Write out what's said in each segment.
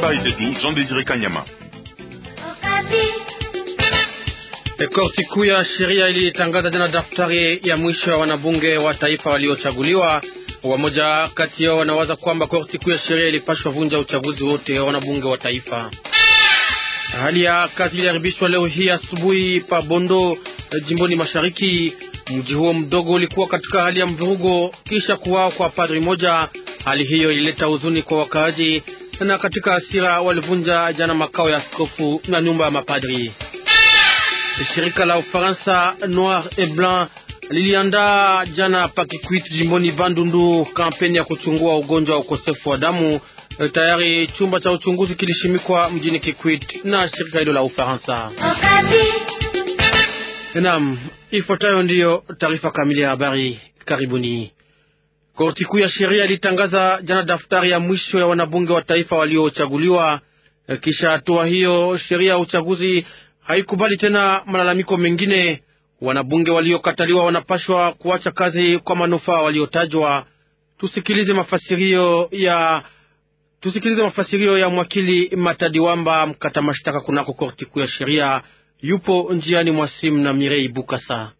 Habari zetu Jean Desire Kanyama. Korti kuu ya sheria ilitangaza jana daftari ya mwisho ya wanabunge wa taifa waliochaguliwa. Wamoja kati yao wanawaza kwamba korti kuu ya sheria ilipashwa vunja uchaguzi wote wa wanabunge wa taifa. Hali ya kazi iliharibishwa leo hii asubuhi pa Bondo, jimboni mashariki. Mji huo mdogo ulikuwa katika hali ya mvurugo kisha kuwao kwa padri moja. Hali hiyo ilileta huzuni kwa wakaaji na katika asira walivunja jana makao ya askofu na nyumba ya mapadri. Shirika la Ufaransa Noir et Blanc liliandaa jana Pakikwit jimboni Bandundu kampeni ya kuchungua ugonjwa wa ukosefu wa damu. E, tayari chumba cha uchunguzi kilishimikwa mjini Kikwit na shirika hilo la Ufaransa. Naam, ifuatayo ndiyo taarifa kamili ya habari. Karibuni. Korti kuu ya sheria ilitangaza jana daftari ya mwisho ya wanabunge wa taifa waliochaguliwa. Kisha hatua hiyo, sheria ya uchaguzi haikubali tena malalamiko mengine. Wanabunge waliokataliwa wanapashwa kuacha kazi kwa manufaa waliotajwa. Tusikilize mafasirio ya tusikilize mafasirio ya mwakili matadiwamba mkata mashtaka kunako korti kuu ya sheria. Yupo njiani mwa simu na Mirei Bukasa.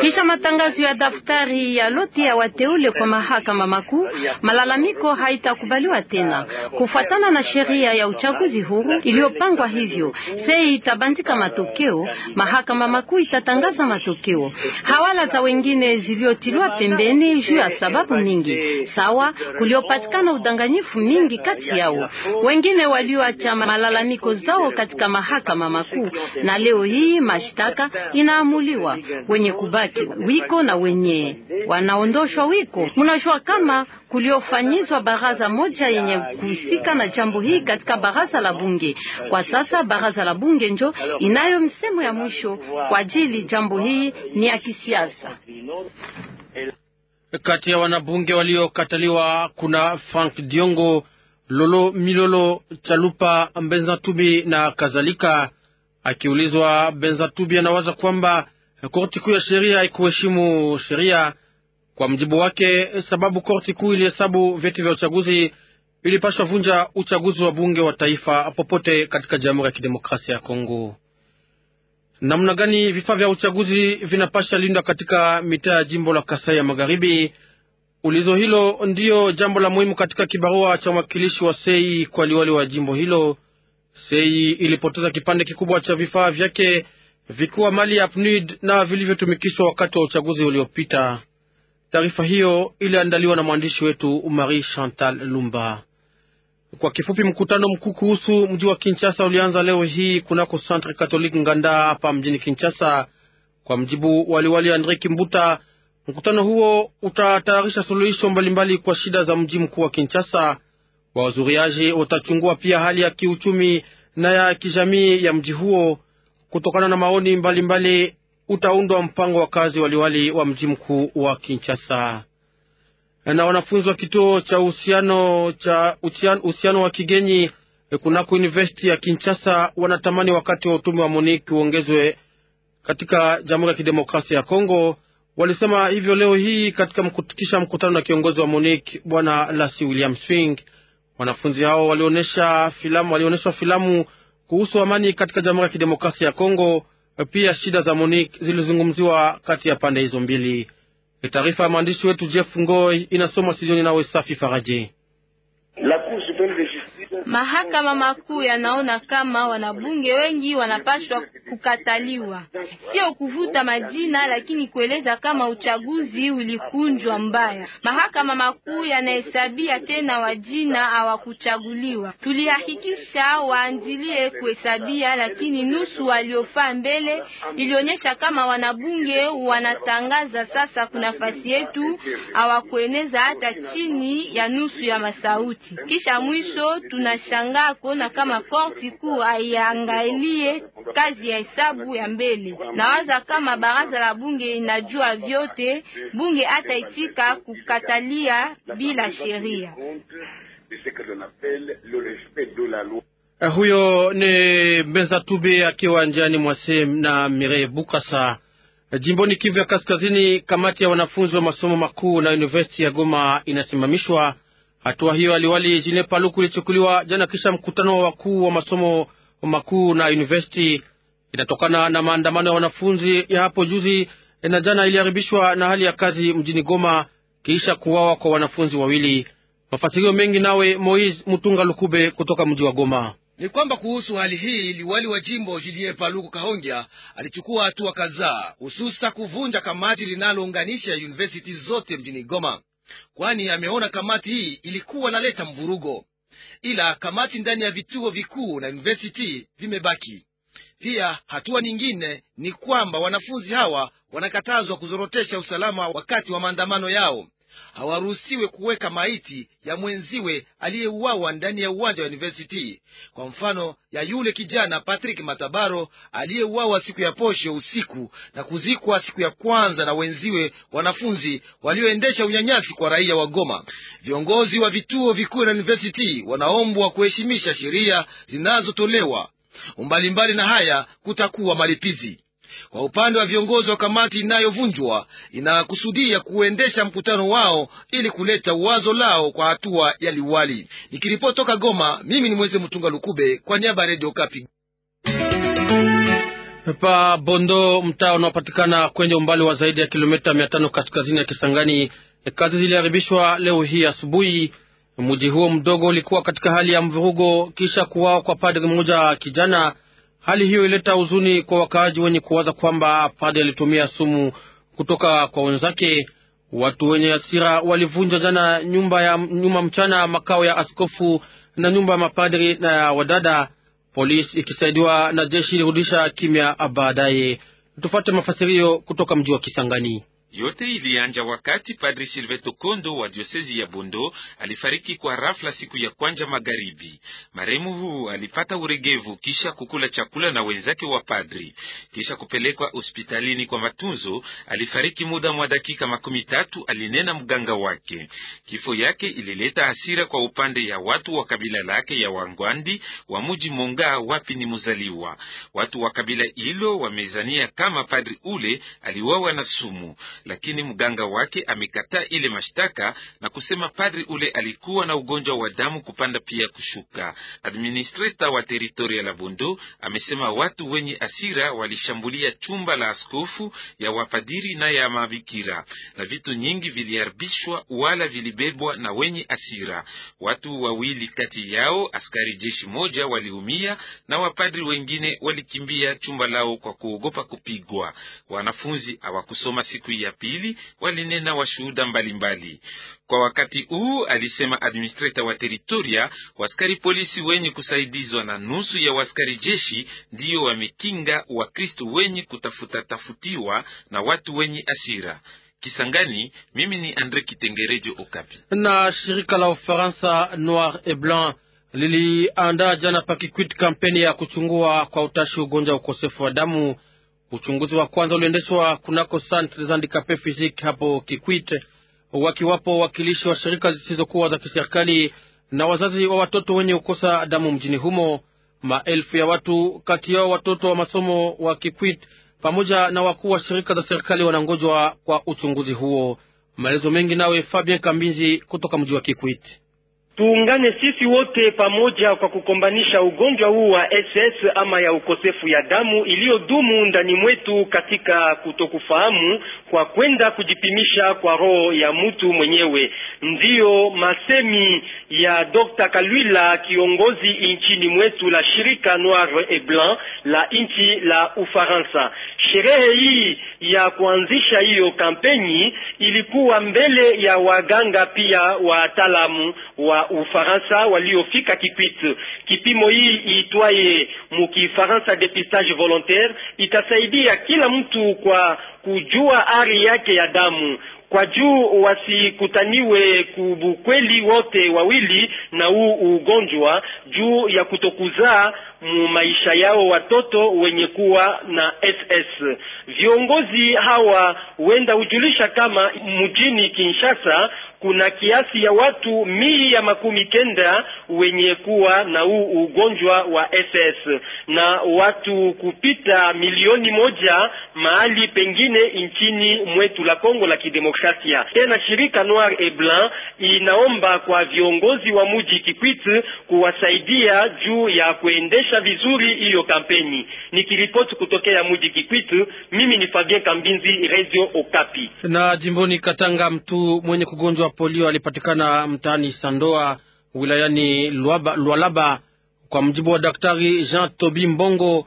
Kisha matangazo ya daftari ya loti ya wateule kwa mahakama makuu, malalamiko haitakubaliwa tena kufuatana na sheria ya uchaguzi huru iliyopangwa. Hivyo sei itabandika matokeo, mahakama makuu itatangaza matokeo. Hawala za wengine ziliotiliwa pembeni juu ya sababu mingi sawa, kuliopatikana udanganyifu mingi kati yao. Wengine walioacha malalamiko zao katika mahakama makuu na leo hii mashtaka inaamuliwa, wenye kubaki wiko na wenye wanaondoshwa wiko. Mnajua kama kuliofanyizwa baraza moja yenye kuhusika na jambo hii katika baraza la bunge. Kwa sasa baraza la bunge njo inayo msemo ya mwisho kwa ajili jambo hii ni ya kisiasa. Kati ya wanabunge waliokataliwa kuna Frank Diongo, Lolo Milolo, Chalupa Mbenza tumi na kadhalika. Akiulizwa, benzatubi anawaza kwamba korti kuu ya sheria haikuheshimu sheria. Kwa mjibu wake, sababu korti kuu ilihesabu vyeti vya uchaguzi, ilipashwa vunja uchaguzi wa bunge wa taifa popote katika Jamhuri ya Kidemokrasia ya Kongo. Namna gani vifaa vya uchaguzi vinapasha lindwa katika mitaa ya jimbo la Kasai ya Magharibi? Ulizo hilo ndiyo jambo la muhimu katika kibarua cha mwakilishi wa Sei kwa liwali wa jimbo hilo. Sei ilipoteza kipande kikubwa cha vifaa vyake vikuwa mali ya PNUD na vilivyotumikishwa wakati wa uchaguzi uliopita. Taarifa hiyo iliandaliwa na mwandishi wetu Marie Chantal Lumba. Kwa kifupi, mkutano mkuu kuhusu mji wa Kinshasa ulianza leo hii kunako Centre Catholique Nganda hapa mjini Kinshasa. Kwa mjibu waliwali Andre Kimbuta, mkutano huo utatayarisha suluhisho mbalimbali kwa shida za mji mkuu wa Kinshasa Wazuriaji watachungua pia hali ya kiuchumi na ya kijamii ya mji huo. Kutokana na maoni mbalimbali mbali, utaundwa mpango wa kazi waliwali wa mji mkuu wa Kinshasa. Na wanafunzi wa kituo cha uhusiano cha uhusiano wa kigenyi eh, kunako university ya Kinshasa wanatamani wakati wa utume wa MONUC uongezwe katika Jamhuri ya Kidemokrasia ya Kongo. Walisema hivyo leo hii katika mkutikisha mkutano na kiongozi wa MONUC Bwana Lasi William Swing. Wanafunzi hao walionyeshwa filamu, walionyeshwa filamu kuhusu amani katika Jamhuri ya Kidemokrasia ya Kongo. Pia shida za Monique zilizungumziwa kati ya pande hizo mbili. E, taarifa ya mwandishi wetu Jeff Ngoi inasomwa studioni nawe Safi Faraje. Mahakama makuu yanaona kama wanabunge wengi wanapashwa kukataliwa, sio kuvuta majina, lakini kueleza kama uchaguzi ulikunjwa mbaya. Mahakama makuu yanahesabia tena wajina hawakuchaguliwa. Tulihakikisha waanzilie kuhesabia, lakini nusu waliofaa mbele ilionyesha kama wanabunge wanatangaza sasa kuna nafasi yetu, hawakueneza hata chini ya nusu ya masauti. Kisha mwisho tuna tunashangaa kuona kama korti kuu haiangalie kazi ya hesabu ya mbele. Nawaza kama baraza la bunge inajua vyote, bunge hata itika kukatalia bila sheria. Eh, huyo ni Mbenza Tube akiwa njiani mwasem na mire Bukasa eh, jimboni Kivu ya Kaskazini. Kamati ya wanafunzi wa masomo makuu na University ya Goma inasimamishwa Hatua hiyo aliwali Jine Paluku ilichukuliwa jana kisha mkutano wa wakuu wa masomo makuu na university. Inatokana na maandamano ya wanafunzi ya hapo juzi na jana, iliharibishwa na hali ya kazi mjini Goma kisha kuwawa kwa wanafunzi wawili. Mafasirio mengi nawe Moise Mutunga Lukube kutoka mji wa Goma. Ni kwamba kuhusu hali hii liwali wa jimbo Jilie Paluku Kahongya alichukua hatua kadhaa, hususa kuvunja kamati linalounganisha university zote mjini Goma kwani ameona kamati hii ilikuwa naleta mvurugo, ila kamati ndani ya vituo vikuu na univesiti vimebaki. Pia hatua nyingine ni kwamba wanafunzi hawa wanakatazwa kuzorotesha usalama wakati wa maandamano yao, hawaruhusiwe kuweka maiti ya mwenziwe aliyeuawa ndani ya uwanja wa University, kwa mfano ya yule kijana Patrick Matabaro aliyeuawa siku ya posho usiku na kuzikwa siku ya kwanza na wenziwe wanafunzi walioendesha unyanyasi kwa raia wa Goma. Viongozi wa vituo vikuu na University wanaombwa kuheshimisha sheria zinazotolewa umbalimbali, na haya kutakuwa malipizi. Kwa upande wa viongozi wa kamati inayovunjwa, inakusudia kuendesha mkutano wao ili kuleta wazo lao kwa hatua ya liwali. Nikiripoti toka Goma, mimi ni Mweze Mtunga Lukube kwa niaba ya Redio Kapi. Pa Bondo, mtaa unaopatikana kwenye umbali wa zaidi ya kilomita mia tano kaskazini ya Kisangani, e, kazi ziliharibishwa leo hii asubuhi. Mji huo mdogo ulikuwa katika hali ya mvurugo kisha kuwao kwa padri mmoja kijana Hali hiyo ilileta huzuni kwa wakaaji wenye kuwaza kwamba padi alitumia sumu kutoka kwa wenzake. Watu wenye hasira walivunja jana nyumba ya nyuma mchana makao ya askofu na nyumba ya mapadri na ya wadada. Polisi ikisaidiwa na jeshi ilirudisha kimya baadaye. Tufate mafasirio kutoka mji wa Kisangani. Yote ilianja wakati Padri Silveto Kondo wa diosezi ya bundo alifariki kwa rafla siku ya kwanja magharibi. Marehemu huu alipata uregevu kisha kukula chakula na wenzake wa padri, kisha kupelekwa hospitalini kwa matunzo. Alifariki muda mwa dakika makumi tatu, alinena mganga wake. Kifo yake ilileta hasira kwa upande ya watu wa kabila lake ya Wangwandi wa muji Monga, wapi ni muzaliwa. Watu wa kabila hilo wamezania kama padri ule aliwawa na sumu lakini mganga wake amekataa ile mashtaka na kusema padri ule alikuwa na ugonjwa wa damu kupanda pia kushuka. Administrata wa teritoria la Bondo amesema watu wenye asira walishambulia chumba la askofu ya wapadiri na ya mabikira na vitu nyingi viliharibishwa wala vilibebwa na wenye asira. Watu wawili kati yao askari jeshi moja waliumia na wapadri wengine walikimbia chumba lao kwa kuogopa kupigwa. Wanafunzi hawakusoma siku ya pili, walinena washuhuda mbalimbali. Kwa wakati huu, alisema administrator wa teritoria, waskari polisi wenye kusaidizwa na nusu ya waskari jeshi ndiyo wamekinga Wakristu wenye kutafutatafutiwa na watu wenye asira. Kisangani, mimi ni Andre Kitengerejo, Okapi. Na shirika la Ufaransa Noir et Blanc liliandaa jana pakikwit kampeni ya kuchungua kwa utashi ugonjwa ukosefu wa damu Uchunguzi wa kwanza uliendeshwa kunako Centre Handicapé Physique hapo Kikwit, wakiwapo wakilishi wa shirika zisizokuwa za kiserikali na wazazi wa watoto wenye kukosa damu mjini humo. Maelfu ya watu, kati yao watoto wa masomo wa Kikwit pamoja na wakuu wa shirika za serikali, wanangojwa kwa uchunguzi huo. Maelezo mengi nawe Fabien Kambinzi kutoka mji wa Kikwit. Tuungane sisi wote pamoja kwa kukombanisha ugonjwa huu wa SS ama ya ukosefu ya damu iliyodumu ndani mwetu katika kutokufahamu kwa kwenda kujipimisha kwa roho ya mtu mwenyewe. Ndiyo masemi ya Dr. Kalwila, kiongozi nchini mwetu la shirika Noir et Blanc la nchi la Ufaransa. Sherehe hii ya kuanzisha hiyo kampeni ilikuwa mbele ya waganga pia wataalamu wa Ufaransa waliofika kipito kipimo hii iitwaye mukifaransa depistage volontaire itasaidia kila mtu kwa kujua ari yake ya damu kwa juu wasikutaniwe kubukweli wote wawili na huu ugonjwa juu ya kutokuzaa maisha yao watoto wenye kuwa na SS. Viongozi hawa huenda hujulisha kama mjini Kinshasa kuna kiasi ya watu mili ya makumi kenda wenye kuwa na huu ugonjwa wa SS na watu kupita milioni moja mahali pengine nchini mwetu la Kongo la Kidemokrasia. Tena shirika Noir et Blanc inaomba kwa viongozi wa muji Kikwit kuwasaidia juu ya kuendesha kuendesha vizuri hiyo kampeni. Nikiripoti kutokea mji Kikwitu, mimi ni Fabien Kambinzi, Radio Okapi. Na jimboni Katanga, mtu mwenye kugonjwa polio alipatikana mtaani Sandoa wilayani lwalaba Lualaba kwa mjibu wa daktari Jean Tobi Mbongo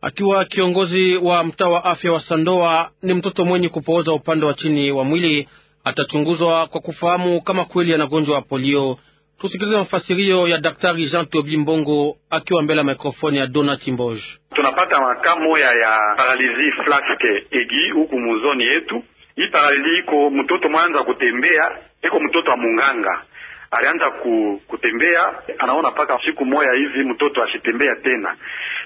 akiwa kiongozi wa mtaa wa afya wa Sandoa, ni mtoto mwenye kupooza upande wa chini wa mwili. Atachunguzwa kwa kufahamu kama kweli anagonjwa polio. Tusikilize mafasirio ya Daktari Jean Tobi Mbongo akiwa mbele ya mikrofoni ya Donat Mboj. Tunapata maka moya ya paralizi flaske egi huku muzoni yetu. Hii paralizi iko mtoto mwanza kutembea, iko mtoto wa munganga alianza ku, kutembea anaona mpaka siku moya hivi mtoto asitembea tena,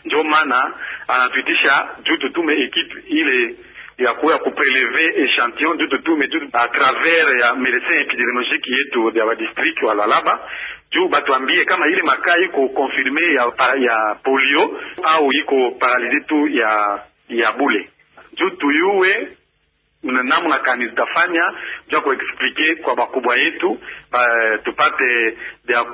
ndio maana anatuitisha juu tutume ekipe ile ya kuya kupreleve echantillon tututume tu a travers ya medecin epidemiologiki yetu ya badistrict walalaba Lalaba juu batuambie kama ile makaa iko konfirme ya, ya polio au iko paralize tu ya ya bule juu namu namna kani zitafanya juu kuexplike kwa bakubwa yetu ba, tupate ya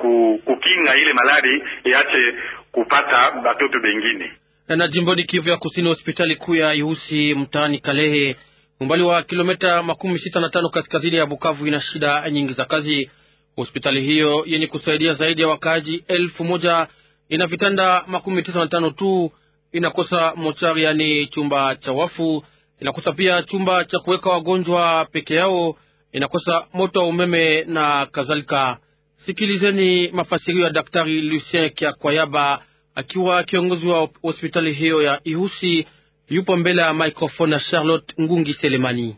kukinga ile malari iache kupata batoto bengine. Na jimboni Kivu ya Kusini, hospitali kuu ya Ihusi mtaani Kalehe, umbali wa kilomita makumi sita na tano kaskazini ya Bukavu, ina shida nyingi za kazi. Hospitali hiyo yenye kusaidia zaidi ya wakaaji elfu moja ina vitanda makumi tisa na tano tu, inakosa mochari, yani chumba cha wafu, inakosa pia chumba cha kuweka wagonjwa peke yao, inakosa moto wa umeme na kadhalika. Sikilizeni mafasirio ya Daktari Lucien Kiakwayaba akiwa kiongozi wa hospitali hiyo ya Ihusi, yupo mbele ya maikrofoni ya Charlotte Ngungi Selemani.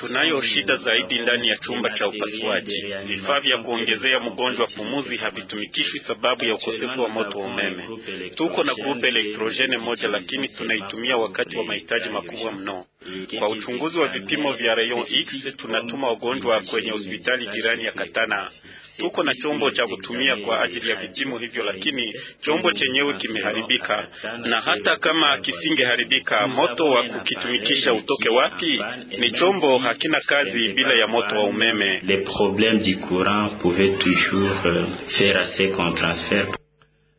Tunayo shida zaidi ndani ya chumba cha upasuaji. Vifaa vya kuongezea mgonjwa pumuzi havitumikishwi sababu ya ukosefu wa moto wa umeme. Tuko na grupe elektrojene moja, lakini tunaitumia wakati wa mahitaji makubwa mno. Kwa uchunguzi wa vipimo vya rayon X tunatuma wagonjwa kwenye hospitali jirani ya Katana. Tuko na chombo cha kutumia kwa ajili ya vijimo hivyo, lakini chombo chenyewe kimeharibika, na hata kama kisingeharibika, moto wa kukitumikisha utoke wapi? Ni chombo hakina kazi bila ya moto wa umeme. Euh,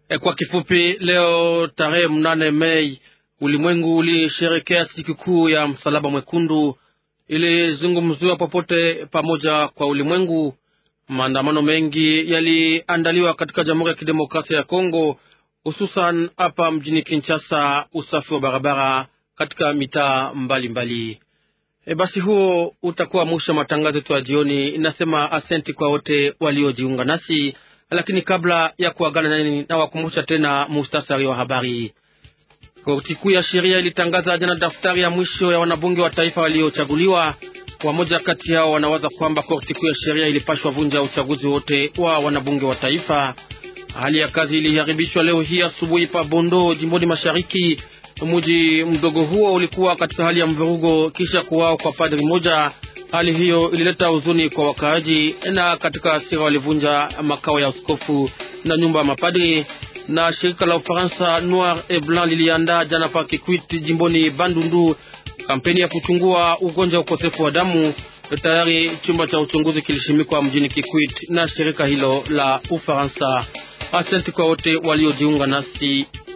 eh, kwa kifupi, leo tarehe mnane Mei ulimwengu ulisherekea sikukuu ya Msalaba Mwekundu, ilizungumziwa popote pamoja kwa ulimwengu. Maandamano mengi yaliandaliwa katika Jamhuri ya Kidemokrasia ya Kongo, hususan hapa mjini Kinshasa, usafi wa barabara katika mitaa mbalimbali. E, basi huo utakuwa mwisho matangazo yetu ya jioni. Nasema asenti kwa wote waliojiunga nasi, lakini kabla ya kuagana nani, nawakumbusha tena mustasari wa habari. Korti kuu ya sheria ilitangaza jana daftari ya mwisho ya wanabunge wa taifa waliochaguliwa Wamoja kati yao wanawaza kwamba korti kuu ya sheria ilipashwa vunja uchaguzi wote wa wanabunge wa taifa. Hali ya kazi iliharibishwa leo hii asubuhi pa Bondo, jimboni mashariki. Mji mdogo huo ulikuwa katika hali ya mvurugo kisha kuwao kwa padri moja. Hali hiyo ilileta huzuni kwa wakaaji, na katika asira walivunja makao ya askofu na nyumba ya mapadri. Na shirika la Ufaransa Noir et Blanc liliandaa jana pa Kikwit, jimboni Bandundu kampeni ya kuchungua ugonjwa wa ukosefu wa damu. Tayari chumba cha uchunguzi kilishimikwa mjini Kikwit na shirika hilo la Ufaransa. Asante kwa wote waliojiunga nasi.